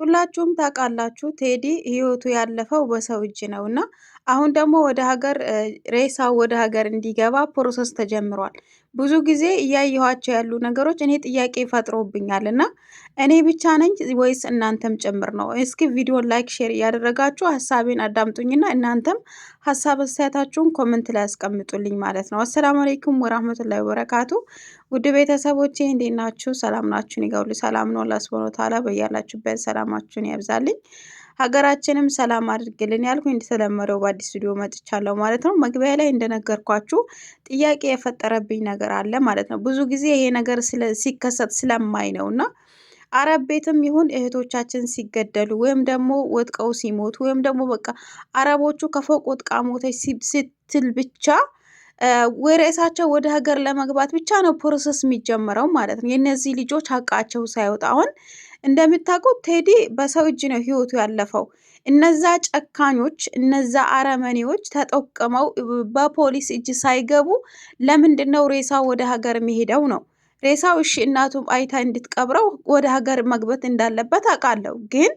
ሁላችሁም ታውቃላችሁ ቴዲ ህይወቱ ያለፈው በሰው እጅ ነው እና አሁን ደግሞ ወደ ሀገር ሬሳው ወደ ሀገር እንዲገባ ፕሮሰስ ተጀምሯል። ብዙ ጊዜ እያየኋቸው ያሉ ነገሮች እኔ ጥያቄ ፈጥሮብኛል እና እኔ ብቻ ነኝ ወይስ እናንተም ጭምር ነው? እስኪ ቪዲዮ ላይክ፣ ሼር እያደረጋችሁ ሀሳቤን አዳምጡኝና እናንተም ሀሳብ አስተያየታችሁን ኮመንት ላይ አስቀምጡልኝ ማለት ነው። አሰላሙ አሌይኩም ወራህመቱላሂ ወበረካቱ። ውድ ቤተሰቦቼ እንዴት ናችሁ? ሰላም ናችሁን? ይገውል ሰላም ነው። አላህ ሱብሃነሁ በያላችሁበት ሰላማችሁን ያብዛልኝ። ሀገራችንም ሰላም አድርግልን ያልኩ እንደተለመደው በአዲስ ቪዲዮ መጥቻለሁ ማለት ነው። መግቢያ ላይ እንደነገርኳችሁ ጥያቄ የፈጠረብኝ ነገር አለ ማለት ነው። ብዙ ጊዜ ይሄ ነገር ሲከሰት ስለማይ ነው እና አረብ ቤትም ይሁን እህቶቻችን ሲገደሉ ወይም ደግሞ ወጥቀው ሲሞቱ ወይም ደግሞ በቃ አረቦቹ ከፎቅ ወጥቃ ሞተች ስትል ብቻ ርዕሳቸው ወደ ሀገር ለመግባት ብቻ ነው ፕሮሰስ የሚጀምረው ማለት ነው። የእነዚህ ልጆች ሀቃቸው ሳይወጣ አሁን እንደምታውቁት ቴዲ በሰው እጅ ነው ህይወቱ ያለፈው። እነዛ ጨካኞች፣ እነዛ አረመኔዎች ተጠቅመው በፖሊስ እጅ ሳይገቡ ለምንድን ነው ሬሳው ወደ ሀገር የሚሄደው ነው? ሬሳው እሺ እናቱም አይታ እንድትቀብረው ወደ ሀገር መግባት እንዳለበት አውቃለሁ ግን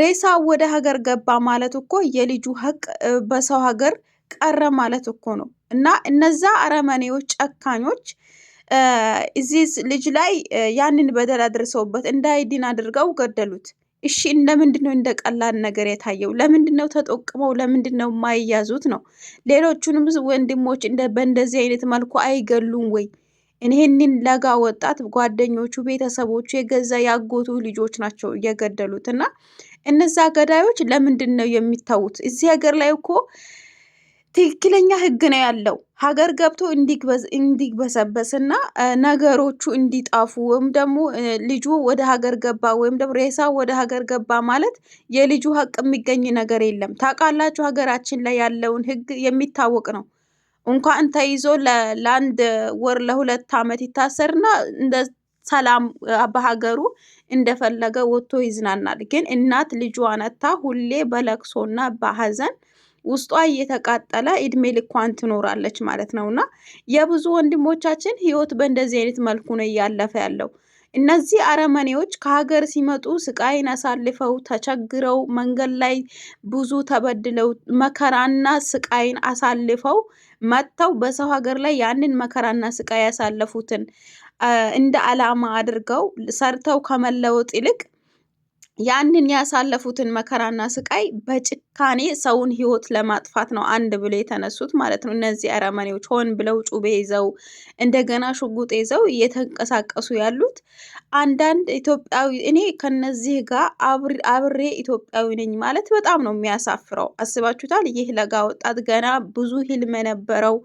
ሬሳው ወደ ሀገር ገባ ማለት እኮ የልጁ ሀቅ በሰው ሀገር ቀረ ማለት እኮ ነው። እና እነዛ አረመኔዎች፣ ጨካኞች እዚህ ልጅ ላይ ያንን በደል አድርሰውበት እንዳይድን አድርገው ገደሉት። እሺ ለምንድን ነው እንደ ቀላል ነገር የታየው? ለምንድን ነው ተጠቅመው? ለምንድን ነው የማይያዙት ነው? ሌሎቹንም ወንድሞች በእንደዚህ አይነት መልኩ አይገሉም ወይ? ይህንን ለጋ ወጣት ጓደኞቹ፣ ቤተሰቦቹ፣ የገዛ ያጎቱ ልጆች ናቸው እየገደሉት እና እነዛ ገዳዮች ለምንድን ነው የሚታዩት? እዚህ ሀገር ላይ እኮ ትክክለኛ ህግ ነው ያለው ሀገር ገብቶ እንዲግበሰበስና ነገሮቹ እንዲጣፉ ወይም ደግሞ ልጁ ወደ ሀገር ገባ ወይም ደግሞ ሬሳ ወደ ሀገር ገባ ማለት የልጁ ሀቅ የሚገኝ ነገር የለም። ታውቃላችሁ፣ ሀገራችን ላይ ያለውን ህግ የሚታወቅ ነው። እንኳን ተይዞ ለአንድ ወር ለሁለት ዓመት ይታሰርና እንደ ሰላም በሀገሩ እንደፈለገ ወጥቶ ይዝናናል። ግን እናት ልጇ ነታ ሁሌ በለቅሶና በሀዘን ውስጧ እየተቃጠለ እድሜ ልኳን ትኖራለች ማለት ነው። እና የብዙ ወንድሞቻችን ህይወት በእንደዚህ አይነት መልኩ ነው እያለፈ ያለው። እነዚህ አረመኔዎች ከሀገር ሲመጡ ስቃይን አሳልፈው ተቸግረው መንገድ ላይ ብዙ ተበድለው መከራና ስቃይን አሳልፈው መጥተው በሰው ሀገር ላይ ያንን መከራና ስቃይ ያሳለፉትን እንደ አላማ አድርገው ሰርተው ከመለወጥ ይልቅ ያንን ያሳለፉትን መከራና ስቃይ በጭካኔ ሰውን ህይወት ለማጥፋት ነው አንድ ብሎ የተነሱት ማለት ነው። እነዚህ አረመኔዎች ሆን ብለው ጩቤ ይዘው እንደገና ሽጉጥ ይዘው እየተንቀሳቀሱ ያሉት አንዳንድ ኢትዮጵያዊ እኔ ከነዚህ ጋር አብሬ ኢትዮጵያዊ ነኝ ማለት በጣም ነው የሚያሳፍረው። አስባችሁታል? ይህ ለጋ ወጣት ገና ብዙ ህልም የነበረው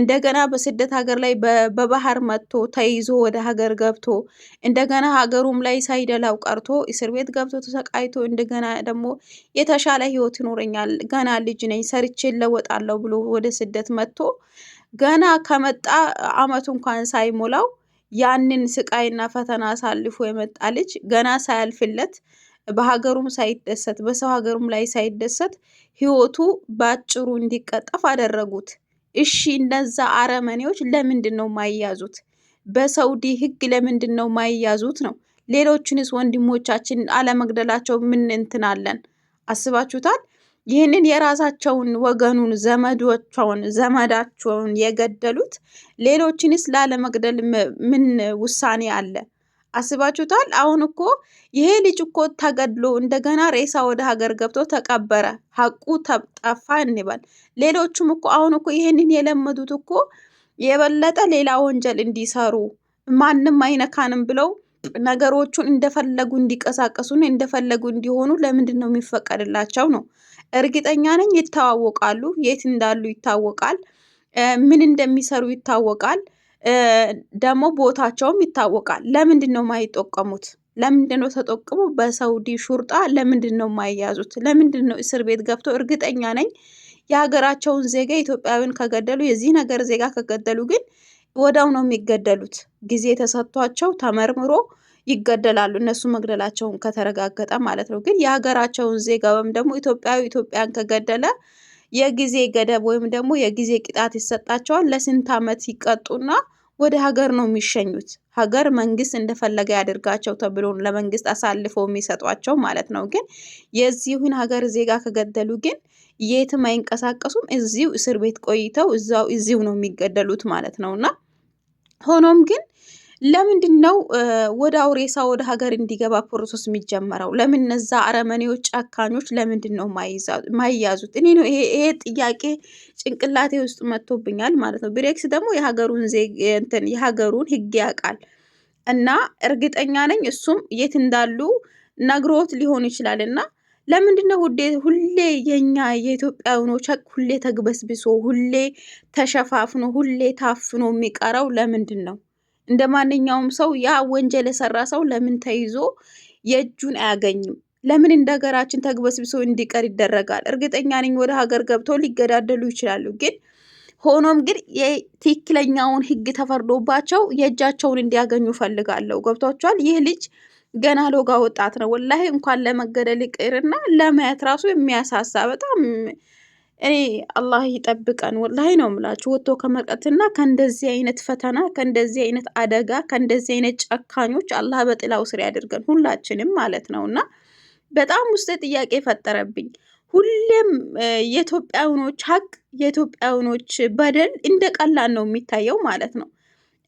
እንደገና በስደት ሀገር ላይ በባህር መጥቶ ተይዞ ወደ ሀገር ገብቶ እንደገና ሀገሩም ላይ ሳይደላው ቀርቶ እስር ቤት ገብቶ ተሰቃይቶ እንደገና ደግሞ የተሻለ ህይወት ይኖረኛል ገና ልጅ ነኝ ሰርቼ እለወጣለሁ ብሎ ወደ ስደት መጥቶ ገና ከመጣ አመቱ እንኳን ሳይሞላው ያንን ስቃይና ፈተና አሳልፎ የመጣ ልጅ ገና ሳያልፍለት በሀገሩም ሳይደሰት በሰው ሀገሩም ላይ ሳይደሰት ህይወቱ በአጭሩ እንዲቀጠፍ አደረጉት። እሺ እነዛ አረመኔዎች ለምንድን ነው ማይያዙት? በሰውዲ ህግ ለምንድን ነው ማይያዙት ነው። ሌሎችንስ ወንድሞቻችን አለመግደላቸው ምን እንትናለን? አስባችሁታል? ይህንን የራሳቸውን ወገኑን ዘመዶቸውን ዘመዳቸውን የገደሉት ሌሎችንስ ላለመግደል ምን ውሳኔ አለ? አስባችሁታል? አሁን እኮ ይሄ ልጅ እኮ ተገድሎ እንደገና ሬሳ ወደ ሀገር ገብቶ ተቀበረ። ሀቁ ጠፋ እንበል። ሌሎቹም እኮ አሁን እኮ ይሄንን የለመዱት እኮ የበለጠ ሌላ ወንጀል እንዲሰሩ ማንም አይነካንም ብለው ነገሮቹን እንደፈለጉ እንዲቀሳቀሱና እንደፈለጉ እንዲሆኑ ለምንድን ነው የሚፈቀድላቸው? ነው እርግጠኛ ነኝ ይታዋወቃሉ። የት እንዳሉ ይታወቃል። ምን እንደሚሰሩ ይታወቃል። ደግሞ ቦታቸውም ይታወቃል። ለምንድን ነው የማይጠቀሙት? ለምንድን ነው ተጠቅሞ በሳውዲ ሹርጣ ለምንድን ነው የማይያዙት? ለምንድን ነው እስር ቤት ገብተው? እርግጠኛ ነኝ የሀገራቸውን ዜጋ ኢትዮጵያዊን ከገደሉ የዚህ ነገር ዜጋ ከገደሉ ግን ወዳው ነው የሚገደሉት። ጊዜ ተሰጥቷቸው ተመርምሮ ይገደላሉ። እነሱ መግደላቸውን ከተረጋገጠ ማለት ነው። ግን የሀገራቸውን ዜጋ ወይም ደግሞ ኢትዮጵያዊ ኢትዮጵያን ከገደለ የጊዜ ገደብ ወይም ደግሞ የጊዜ ቅጣት ይሰጣቸዋል። ለስንት ዓመት ይቀጡና ወደ ሀገር ነው የሚሸኙት። ሀገር መንግስት እንደፈለገ ያደርጋቸው ተብሎ ለመንግስት አሳልፎ የሚሰጧቸው ማለት ነው። ግን የዚሁን ሀገር ዜጋ ከገደሉ ግን የትም አይንቀሳቀሱም። እዚሁ እስር ቤት ቆይተው እዚው ነው የሚገደሉት ማለት ነው እና ሆኖም ግን ለምንድን ነው ወደ አውሬሳ ወደ ሀገር እንዲገባ ፕሮሰስ የሚጀመረው? ለምን እነዛ አረመኔዎች ጨካኞች ለምንድን ነው ማይያዙት? እኔ ነው ይሄ ጥያቄ ጭንቅላቴ ውስጥ መጥቶብኛል ማለት ነው። ብሬክስ ደግሞ የሀገሩን እንትን የሀገሩን ህግ ያውቃል እና እርግጠኛ ነኝ እሱም የት እንዳሉ ነግሮት ሊሆን ይችላል እና ለምንድን ነው ሁሌ የኛ የኢትዮጵያውያኖች ሁሌ ተግበስብሶ ሁሌ ተሸፋፍኖ ሁሌ ታፍኖ የሚቀረው ለምንድን ነው? እንደ ማንኛውም ሰው ያ ወንጀል የሰራ ሰው ለምን ተይዞ የእጁን አያገኝም? ለምን እንደ ሀገራችን ተግበስብሶ እንዲቀር ይደረጋል? እርግጠኛ ነኝ ወደ ሀገር ገብተው ሊገዳደሉ ይችላሉ። ግን ሆኖም ግን የትክክለኛውን ህግ ተፈርዶባቸው የእጃቸውን እንዲያገኙ ፈልጋለሁ። ገብቷቸዋል። ይህ ልጅ ገና ሎጋ ወጣት ነው። ወላሂ እንኳን ለመገደል ይቅርና ለማየት ራሱ የሚያሳሳ በጣም እኔ አላህ ይጠብቀን፣ ወላሂ ነው ምላችሁ። ወጥቶ ከመቅረትና ከእንደዚህ አይነት ፈተና፣ ከእንደዚህ አይነት አደጋ፣ ከእንደዚህ አይነት ጨካኞች አላህ በጥላው ስር ያድርገን ሁላችንም ማለት ነው። እና በጣም ውስጥ ጥያቄ ፈጠረብኝ። ሁሌም የኢትዮጵያውኖች ሀቅ የኢትዮጵያውኖች በደል እንደ ቀላል ነው የሚታየው ማለት ነው።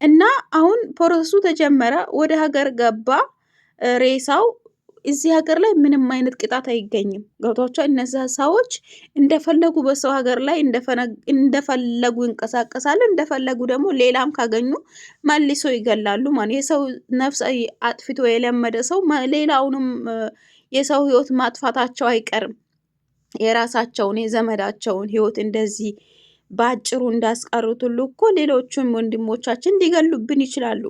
እና አሁን ፕሮሰሱ ተጀመረ፣ ወደ ሀገር ገባ ሬሳው እዚህ ሀገር ላይ ምንም አይነት ቅጣት አይገኝም። ገብቷቸው እነዚያ ሰዎች እንደፈለጉ በሰው ሀገር ላይ እንደፈለጉ ይንቀሳቀሳሉ። እንደፈለጉ ደግሞ ሌላም ካገኙ መልሶ ይገላሉ። ማለት የሰው ነፍስ አጥፍቶ የለመደ ሰው ሌላውንም የሰው ህይወት ማጥፋታቸው አይቀርም። የራሳቸውን የዘመዳቸውን ህይወት እንደዚህ በአጭሩ እንዳስቀሩት ሁሉ እኮ ሌሎቹም ወንድሞቻችን ሊገሉብን ይችላሉ።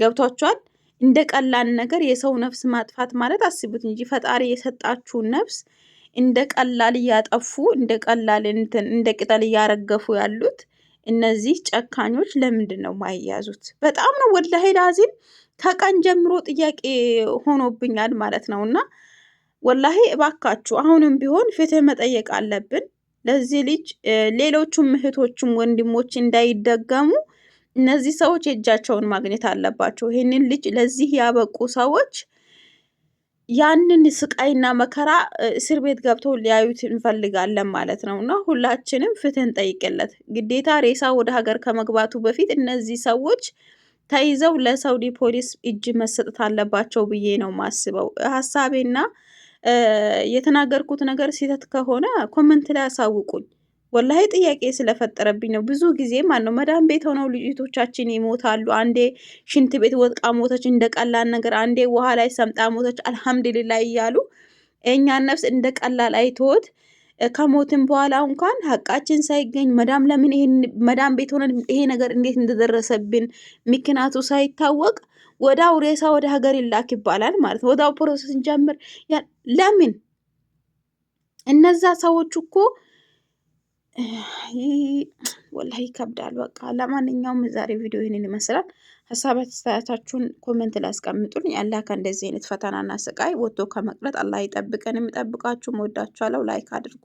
ገብቷቸዋል። እንደ ቀላል ነገር የሰው ነፍስ ማጥፋት ማለት አስቡት እንጂ ፈጣሪ የሰጣችሁን ነፍስ እንደ ቀላል እያጠፉ እንደ ቀላል እንደ ቅጠል እያረገፉ ያሉት እነዚህ ጨካኞች ለምንድን ነው ማይያዙት? በጣም ነው ወላሂ ላዚም ከቀን ጀምሮ ጥያቄ ሆኖብኛል ማለት ነው። እና ወላሂ እባካችሁ አሁንም ቢሆን ፍትህ መጠየቅ አለብን ለዚህ ልጅ ሌሎቹም እህቶቹም ወንድሞች እንዳይደገሙ እነዚህ ሰዎች የእጃቸውን ማግኘት አለባቸው። ይህንን ልጅ ለዚህ ያበቁ ሰዎች ያንን ስቃይና መከራ እስር ቤት ገብተው ሊያዩት እንፈልጋለን ማለት ነው እና ሁላችንም ፍትህን ጠይቅለት ግዴታ። ሬሳ ወደ ሀገር ከመግባቱ በፊት እነዚህ ሰዎች ተይዘው ለሳውዲ ፖሊስ እጅ መሰጠት አለባቸው ብዬ ነው ማስበው። ሀሳቤና የተናገርኩት ነገር ስህተት ከሆነ ኮመንት ላይ አሳውቁኝ። ወላሂ ጥያቄ ስለፈጠረብኝ ነው። ብዙ ጊዜ ማን ነው መዳም ቤት ሆነው ልጅቶቻችን ይሞታሉ። አንዴ ሽንት ቤት ወጥቃ ሞተች እንደ ቀላል ነገር፣ አንዴ ውሃ ላይ ሰምጣ ሞተች አልሐምድሊላ እያሉ እኛን ነፍስ እንደ ቀላል አይቶት ከሞትን በኋላ እንኳን ሀቃችን ሳይገኝ መዳም ለምን መዳም ቤት ሆነን ይሄ ነገር እንዴት እንደደረሰብን ምክንያቱ ሳይታወቅ ወዳው ሬሳ ወደ ሀገር ይላክ ይባላል ማለት ወዳው ፕሮሰስ እንጀምር ለምን እነዛ ሰዎች እኮ ወላሂ ይከብዳል። በቃ ለማንኛውም ዛሬ ቪዲዮ ይህንን ይመስላል። ሀሳብ አስተያየታችሁን ኮመንት ላይ አስቀምጡልኝ። አላህ ከእንደዚህ አይነት ፈተናና ስቃይ ወጥቶ ከመቅረት አላህ ይጠብቀን። የሚጠብቃችሁ ወዳችኋለሁ። ላይክ አድርጉ።